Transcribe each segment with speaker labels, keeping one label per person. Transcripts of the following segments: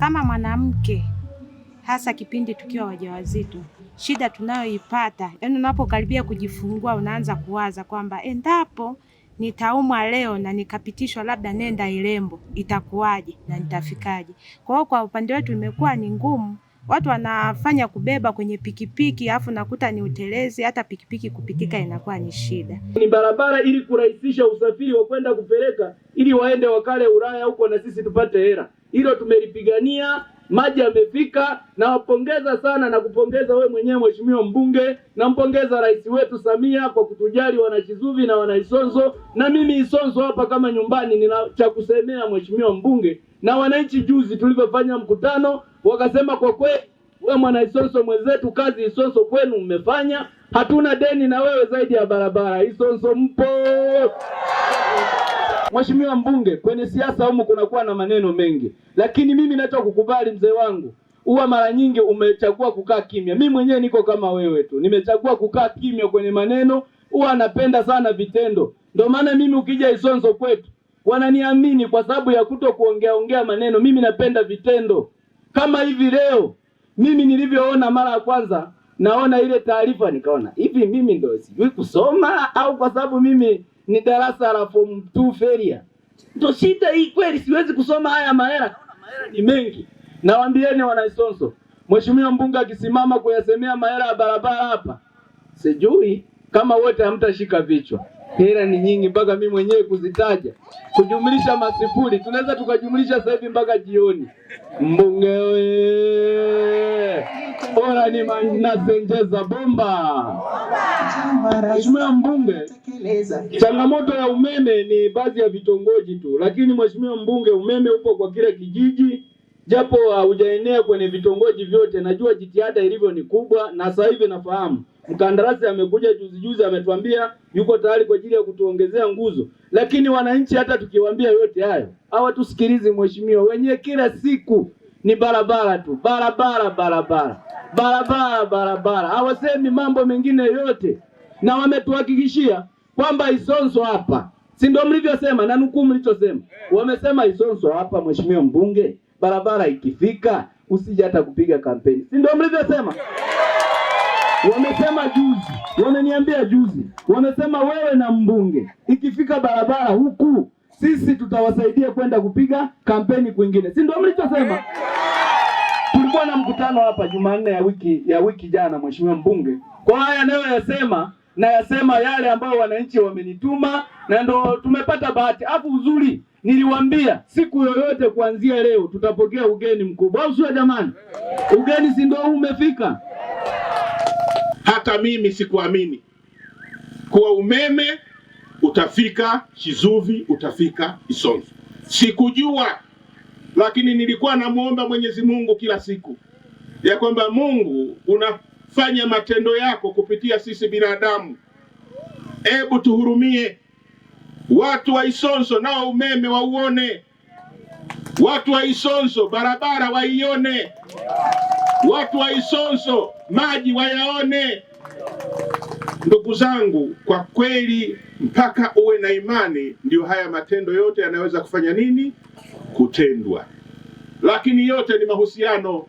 Speaker 1: Kama mwanamke hasa kipindi tukiwa wajawazito, shida tunayoipata yani, unapokaribia kujifungua unaanza kuwaza kwamba endapo nitaumwa leo na nikapitishwa labda nenda Ilembo itakuwaje na nitafikaje? Kwa hiyo kwa upande wetu imekuwa ni ngumu, watu wanafanya kubeba kwenye pikipiki alafu nakuta ni utelezi, hata pikipiki kupitika inakuwa ni shida.
Speaker 2: Ni barabara ili kurahisisha usafiri wa kwenda kupeleka, ili waende wakale Ulaya huko na sisi tupate hela hilo tumelipigania, maji yamefika. Nawapongeza sana na kupongeza we mwenyewe mheshimiwa mbunge, nampongeza rais wetu Samia kwa kutujali wanachizuvi na wanaisonzo, na mimi Isonzo hapa kama nyumbani nina cha kusemea mheshimiwa mbunge na wananchi. Juzi tulivyofanya mkutano, wakasema kwa kweli we mwana mwenzetu, kazi Isonzo kwenu mmefanya, hatuna deni na wewe zaidi ya barabara. Isonzo mpo Mheshimiwa mbunge, kwenye siasa humu kunakuwa na maneno mengi, lakini mimi nacho kukubali mzee wangu, huwa mara nyingi umechagua kukaa kimya. Mimi mwenyewe niko kama wewe tu, nimechagua kukaa kimya kwenye maneno, huwa anapenda sana vitendo. Ndio maana mimi ukija Isonzo kwetu wananiamini kwa sababu ya kuto kuongea ongea maneno. Mimi napenda vitendo, kama hivi leo mimi nilivyoona mara ya kwanza, naona ile taarifa nikaona hivi, mimi ndio sijui kusoma au kwa sababu mimi ni darasa la form 2 failure. Ndio shida hii kweli, siwezi kusoma haya mahera, mahera ni mengi. Nawaambieni wanaisonso, mheshimiwa mbunge akisimama kuyasemea mahera ya barabara hapa, sijui kama wote hamtashika vichwa. Hela ni nyingi mpaka mimi mwenyewe kuzitaja, kujumlisha masifuri, tunaweza tukajumlisha sasa hivi mpaka jioni. Mbunge we bora ni nasenjeza bomba. Mheshimiwa Mbunge, changamoto ya umeme ni baadhi ya vitongoji tu, lakini Mheshimiwa Mbunge, umeme upo kwa kila kijiji japo haujaenea uh, kwenye vitongoji vyote. Najua jitihada ilivyo ni kubwa, na sasa hivi nafahamu mkandarasi amekuja juzi juzi, ametuambia yuko tayari kwa ajili ya kutuongezea nguzo, lakini wananchi hata tukiwaambia yote hayo hawatusikilizi mheshimiwa. Wenyewe kila siku ni barabara tu, barabara, barabara, barabara, barabara, hawasemi mambo mengine yote, na wametuhakikishia kwamba Isonso hapa, si ndio mlivyosema na nukuu mlichosema, wamesema Isonso hapa, mheshimiwa mbunge barabara ikifika usije hata kupiga kampeni, si ndio mlivyosema? Wamesema juzi, wameniambia juzi, wamesema wewe na mbunge ikifika barabara huku sisi tutawasaidia kwenda kupiga kampeni kwingine, si ndio mlichosema? Tulikuwa na mkutano hapa Jumanne ya wiki ya wiki jana, mheshimiwa mbunge, kwa haya anayoyasema na yasema yale ambayo wananchi wamenituma, na ndio tumepata bahati afu uzuri niliwambia siku yoyote kuanzia leo tutapokea ugeni mkubwa, au sio jamani? Ugeni si ndio umefika? Hata mimi sikuamini kuwa umeme utafika Chizuvi, utafika Isonzo, sikujua. Lakini nilikuwa namwomba Mwenyezi Mungu kila siku ya kwamba Mungu unafanya matendo yako kupitia sisi binadamu, hebu tuhurumie. Watu wa Isonso nao umeme wauone, watu wa Isonso barabara waione, watu wa Isonso maji wayaone. Ndugu zangu, kwa kweli mpaka uwe na imani ndio haya matendo yote yanaweza kufanya nini, kutendwa. Lakini yote ni mahusiano,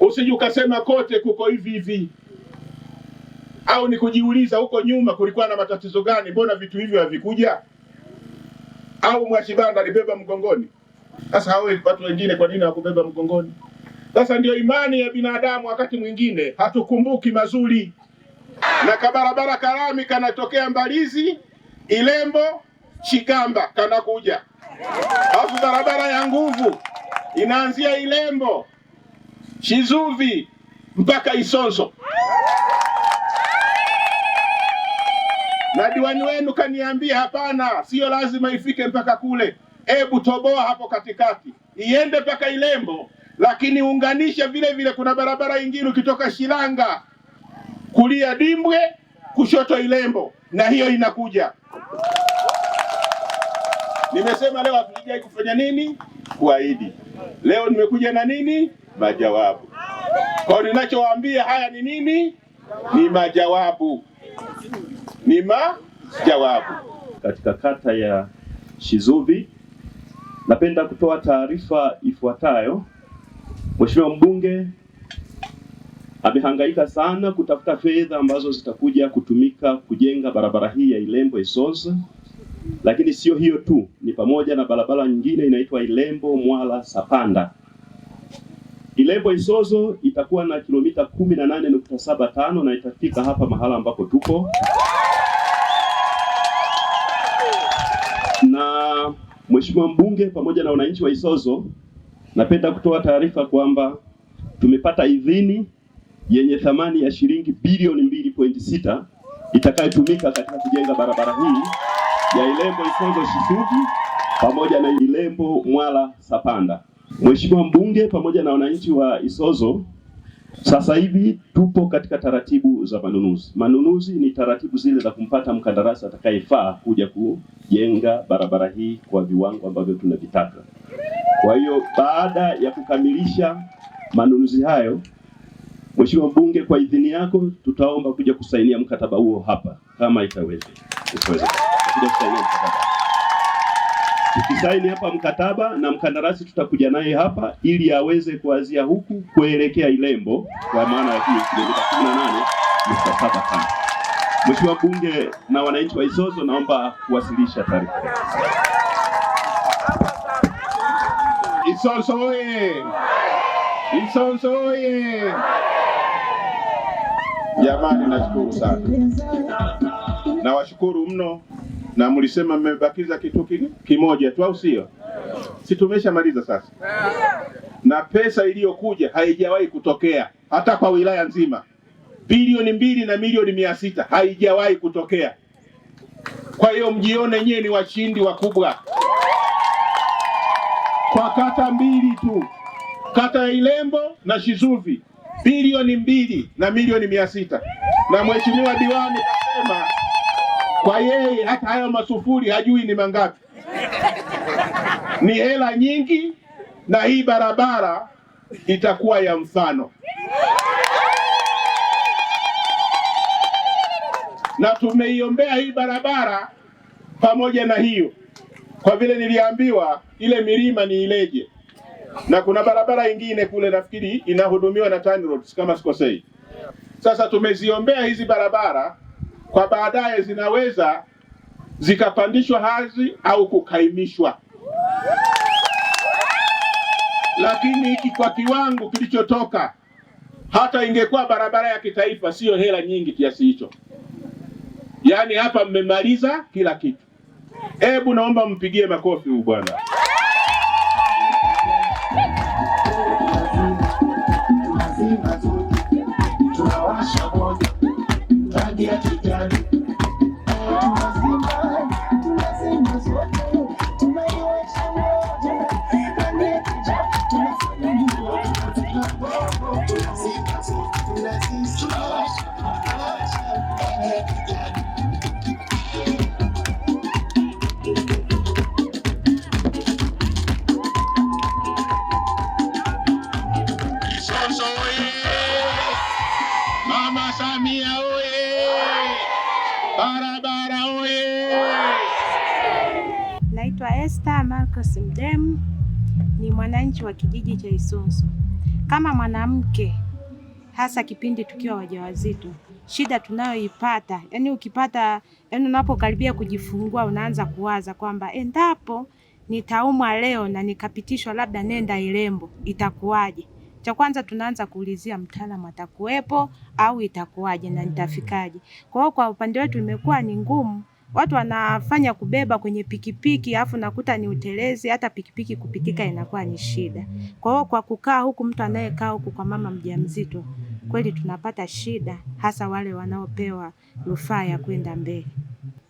Speaker 2: usije ukasema kote kuko hivi hivi au ni kujiuliza huko nyuma kulikuwa na matatizo gani, mbona vitu hivyo havikuja? Au Mwashibanda alibeba mgongoni? Sasa hao watu wengine kwa nini hawakubeba mgongoni? Sasa ndio imani ya binadamu, wakati mwingine hatukumbuki mazuri, na kabarabara karami kanatokea Mbalizi, Ilembo, Chikamba kanakuja, alafu barabara ya nguvu inaanzia Ilembo, Chizuvi mpaka Isonzo na diwani wenu kaniambia, hapana, siyo lazima ifike mpaka kule. Hebu toboa hapo katikati iende mpaka Ilembo, lakini unganisha vile vile. Kuna barabara ingine ukitoka Shilanga kulia Dimbwe, kushoto Ilembo, na hiyo inakuja. Nimesema leo hatujai kufanya nini, kuahidi. Leo nimekuja na nini, majawabu. Kwa ninachowaambia haya ni nini, ni majawabu ni majawabu. Katika kata ya Shizuvi, napenda kutoa taarifa ifuatayo. Mheshimiwa mbunge amehangaika sana kutafuta fedha ambazo zitakuja kutumika kujenga barabara hii ya Ilembo Isonza, lakini sio hiyo tu, ni pamoja na barabara nyingine inaitwa Ilembo Mwala Sapanda. Ilembo isozo itakuwa na kilomita 18.75 na itafika hapa mahala ambapo tupo. Mheshimiwa mbunge pamoja na wananchi wa Isozo, napenda kutoa taarifa kwamba tumepata idhini yenye thamani ya shilingi bilioni 2.6 itakayotumika katika kujenga barabara hii ya Ilembo Isozo Shisugi pamoja na Ilembo Mwala Sapanda. Mheshimiwa mbunge pamoja na wananchi wa Isozo sasa hivi tupo katika taratibu za manunuzi. Manunuzi ni taratibu zile za kumpata mkandarasi atakayefaa kuja kujenga barabara hii kwa viwango ambavyo tunavitaka. Kwa hiyo baada ya kukamilisha manunuzi hayo, Mheshimiwa Mbunge, kwa idhini yako tutaomba kuja kusainia mkataba huo hapa kama itaweze. Itaweze. Kuja kusainia mkataba. Tukisaini hapa mkataba na mkandarasi, tutakuja naye hapa ili aweze kuanzia huku kuelekea Ilembo kwa maana ya hiyo kilomita 18.75. Mheshimiwa Bunge na wananchi wa Isozo, naomba kuwasilisha taarifa. Isozo oye! Isozo oye! Jamani, nashukuru sana, nawashukuru mno na mlisema mmebakiza kitu kimoja tu, au sio? Si tumeshamaliza sasa? Na pesa iliyokuja haijawahi kutokea hata kwa wilaya nzima, bilioni mbili na milioni mia sita haijawahi kutokea. Kwa hiyo mjione nyewe ni washindi wakubwa kwa kata mbili tu, kata ya Ilembo na Shizuvi, bilioni mbili na milioni mia sita na mheshimiwa diwani kasema kwa yeye hata hayo masufuri hajui ni mangapi, ni hela nyingi, na hii barabara itakuwa ya mfano. Na tumeiombea hii barabara pamoja na hiyo, kwa vile niliambiwa ile milima ni Ileje na kuna barabara ingine kule nafikiri inahudumiwa na TANROADS kama sikosei. Sasa tumeziombea hizi barabara kwa baadaye zinaweza zikapandishwa hadhi au kukaimishwa, lakini hiki kwa kiwango kilichotoka, hata ingekuwa barabara ya kitaifa, siyo hela nyingi kiasi hicho. Yaani hapa mmemaliza kila kitu. Hebu naomba mpigie makofi huyu bwana.
Speaker 1: Mama Samia oye! Barabara oye! Naitwa Esther Marcos Mdem, ni mwananchi wa kijiji cha Isunzu. Kama mwanamke hasa kipindi tukiwa wajawazito, shida tunayoipata yani, ukipata yani, unapokaribia kujifungua unaanza kuwaza kwamba endapo nitaumwa leo na nikapitishwa labda nenda Ilembo itakuwaje? Cha kwanza tunaanza kuulizia mtaalamu atakuwepo au itakuwaje na nitafikaje. Kwa hiyo kwa upande wetu imekuwa ni ngumu watu wanafanya kubeba kwenye pikipiki alafu nakuta ni utelezi, hata pikipiki kupitika inakuwa ni shida. Kwa hiyo kwa kukaa huku, mtu anayekaa huku kwa mama mjamzito, kweli tunapata shida, hasa wale wanaopewa rufaa ya kwenda mbele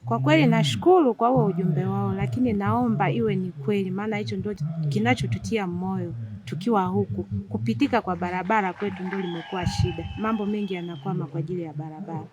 Speaker 1: Kwa kweli nashukuru kwa huo ujumbe wao, lakini naomba iwe ni kweli, maana hicho ndio kinachotutia moyo tukiwa huku, kupitika kwa barabara kwetu ndio limekuwa shida. Mambo mengi yanakwama kwa ajili ya barabara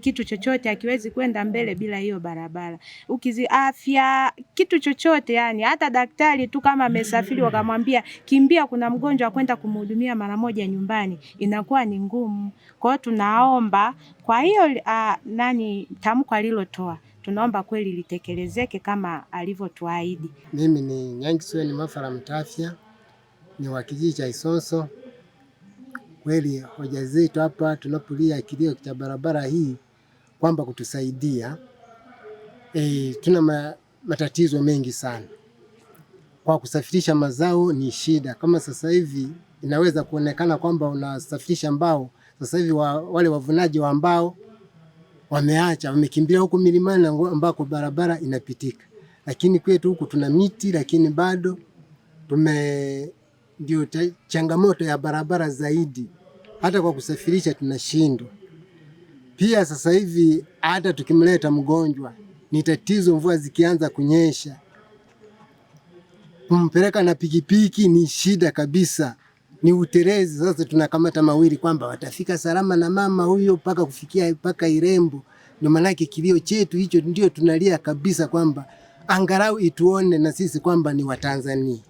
Speaker 1: kitu chochote hakiwezi kwenda mbele bila hiyo barabara. Ukizi afya kitu chochote yani, hata daktari tu kama amesafiri wakamwambia kimbia, kuna mgonjwa kwenda kumhudumia mara moja nyumbani, inakuwa ni ngumu. Kwa hiyo tunaomba, kwa hiyo a, nani tamko alilotoa, tunaomba kweli litekelezeke kama alivyotuahidi.
Speaker 3: Mimi ni Nyangiswe ni Mafara Mtafya, ni wa kijiji cha Isoso. Kweli hoja zetu hapa tunapolia kilio cha barabara hii kwamba kutusaidia e, tuna ma, matatizo mengi sana kwa kusafirisha mazao ni shida. Kama sasa hivi inaweza kuonekana kwamba unasafirisha mbao, sasa hivi wa, wale wavunaji wa mbao wameacha, wamekimbia huku milimani ambako barabara inapitika, lakini kwetu huku tuna miti, lakini bado tume ndio changamoto ya barabara zaidi, hata kwa kusafirisha tunashindwa. Pia sasa hivi hata tukimleta mgonjwa ni tatizo, mvua zikianza kunyesha kumpeleka na pikipiki ni shida kabisa, ni uterezi. Sasa tunakamata mawili kwamba watafika salama na mama huyo mpaka kufikia mpaka Irembo. Ndio maanake kilio chetu hicho ndio tunalia kabisa, kwamba angalau ituone na sisi kwamba ni Watanzania.